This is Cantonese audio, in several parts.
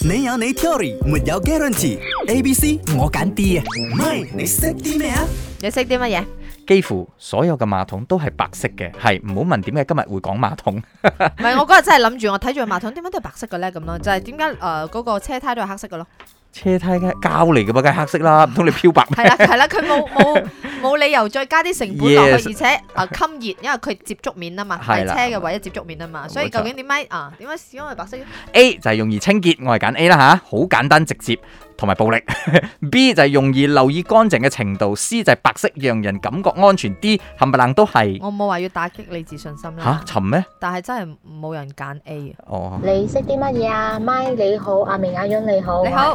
.你有你 theory 沒有 guarantee。A、B、C 我揀 D 啊！MY 你識啲咩啊？你識啲乜嘢？幾乎所有嘅馬桶都係白色嘅，係唔好問點解今日會講馬桶。唔 係我嗰日真係諗住我睇住個馬桶，點解都係白色嘅咧？咁咯，就係點解誒嗰個車胎都係黑色嘅咯。車胎嘅膠嚟噶嘛，梗係黑色啦，唔通你漂白？係啦，係啦，佢冇冇冇理由再加啲成本落去，而且啊，禁熱，因為佢接觸面啊嘛，係車嘅唯一接觸面啊嘛，所以究竟點解啊，點解屎缸係白色？A 就係容易清潔，我係揀 A 啦吓，好簡單直接同埋暴力。B 就係容易留意乾淨嘅程度。C 就係白色，讓人感覺安全啲。D。冚唪唥都係。我冇話要打擊你自信心啦。吓沉咩？但係真係冇人揀 A。哦。你識啲乜嘢啊？麥你好，阿明、阿英你好。你好。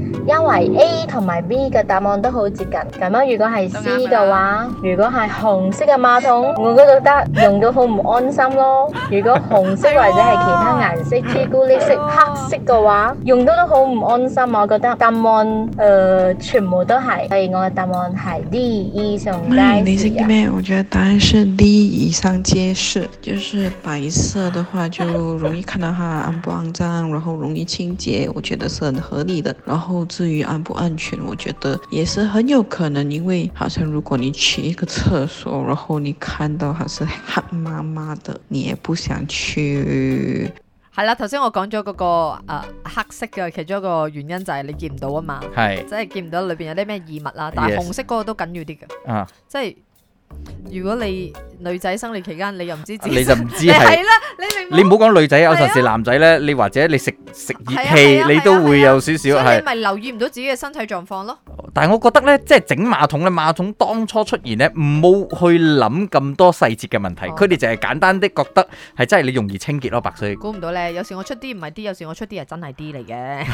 因為 A 同埋 B 嘅答案都好接近，咁如果係 C 嘅話，啊，如果係紅色嘅馬桶，我覺得用到好唔安心咯。如果紅色或者係其他顏色，朱 古力色、 黑色嘅話，用到都好唔安心。我覺得答案，呃全部都係，所以我嘅答案係 D 以上皆是。你識啲咩？我覺得答案是 D 以上皆是，就是白色嘅話就容易看到它骯 不骯髒，然後容易清潔，我覺得是很合理的。然後。至於安不安全，我覺得也是很有可能，因為好像如果你去一個廁所，然後你看到它是黑麻麻的，你也不想去。係啦，頭先我講咗嗰個誒、呃、黑色嘅其中一個原因就係你見唔到啊嘛，係即係見唔到裏邊有啲咩異物啦，但係紅色嗰個都緊要啲㗎，啊即係。如果你女仔生理期間，你又唔知自己，你就唔知係。係啦，你明？你唔好講女仔啊，有陣時男仔咧，你或者你食食熱氣，你都會有少少係。所以咪留意唔到自己嘅身體狀況咯。但係我覺得咧，即係整馬桶咧，馬桶當初出現咧，唔冇去諗咁多細節嘅問題，佢哋就係簡單的覺得係真係你容易清潔咯，白水。估唔到咧，有時我出啲唔係啲，有時我出啲係真係啲嚟嘅。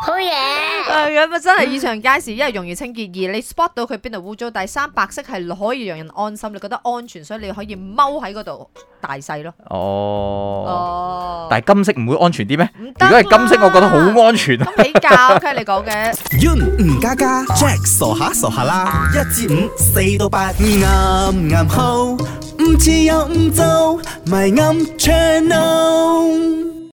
好嘢，係啊！咪真係以場皆是，一係容易清潔，二你 spot 到佢邊度污糟，第三白色係可以讓人安心，你覺得安全，所以你可以踎喺嗰度大細咯。哦，哦，但係金色唔會安全啲咩？如果係金色，我覺得好安全啊。比較 ，K、okay, 你講嘅。yun、嗯、吳、嗯、家家，jack 傻下傻下，傻下啦，一至五，四到八，啱啱好，唔似又唔做，咪啱 channel。